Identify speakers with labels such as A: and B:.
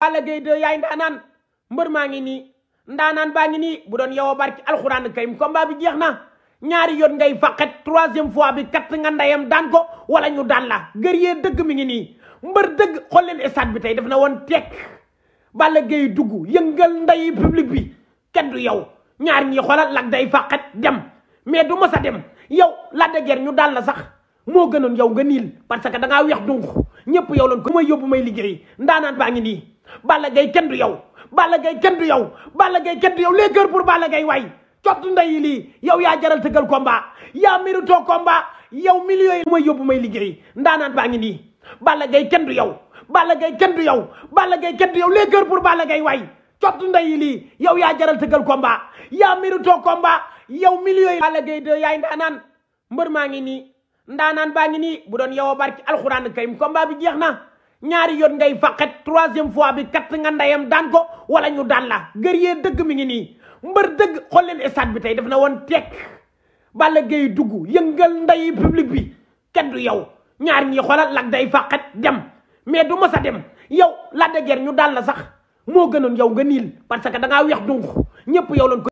A: Balla Gaye 2 yaay ndaanaan mbër maa ngi nii ndaanaan baa ngi nii bu doon yow a barki alxuraan karim combat bi jeex na ñaari yoon ngay faqet troisième fois bi kat nga ndeyam daan ko wala ñu daan la gërëyee dëgg mi ngi nii mbër dëgg xool leen bi tey def na woon tekk Balla Gaye dugg yëngal ndeyi public bi kenn du yow ñaar ñi xoolal lak day faqet dem mais du mës a dem yow la de ñu daal la sax moo gënoon yow nga niil parce que da ngaa weex dunq ñëpp yow loon ko may yóbbu may liggéey ndaanaan baa ngi nii Balla Gaye kenn du yow Balla Gaye kenn du yow Balla Gaye kenn du yow les cœurs pour Balla Gaye waay cott ndeyi lii yow yaa jaral tëggal combat yaa méritoo combat yow millions yi mooy yóbbu may liggéey ndaanaan baa ngi nii Balla Gaye kenn du yow Balla Gaye kenn du yow Balla Gaye kenn du yow les cœurs pour Balla Gaye waay cott ndeyi lii yow yaa jaral tëggal combat yaa méritoo combat yow millions yi Balla Gaye de yaay ndaanaan mbër maa ngi nii ndaanaan baa ngi nii bu doon yow a barki alxuraan karim combat bi jeex na ñaari yoon ngay faqet troisième fois bi katt nga ndeyam daan ko wala ñu daan la guerrier dëgg mi ngi nii mbër dëgg xool leen stade bi tey def na woon tekk Balla Gaye dugg yëngal nday public bi kenn du yow ñaar ñi xoolal lak day faqet dem mais du mës a dem yow la de ñu daal la sax moo gënoon yow nga niil parce que da ngaa weex dunq ñëpp yow lañ